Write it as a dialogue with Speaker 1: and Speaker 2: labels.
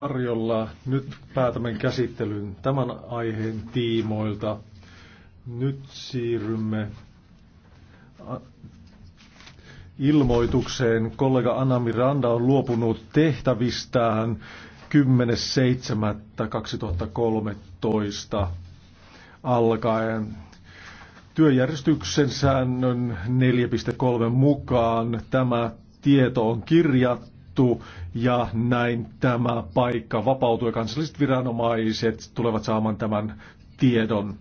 Speaker 1: tarjolla. Nyt päätämme käsittelyn tämän aiheen tiimoilta. Nyt siirrymme ilmoitukseen. Kollega Anna Miranda on luopunut tehtävistään 10.7.2013 alkaen. Työjärjestyksen säännön 4.3 mukaan tämä tieto on kirjattu poistettu ja näin tämä paikka vapautuu ja kansalliset viranomaiset tulevat saamaan tämän tiedon.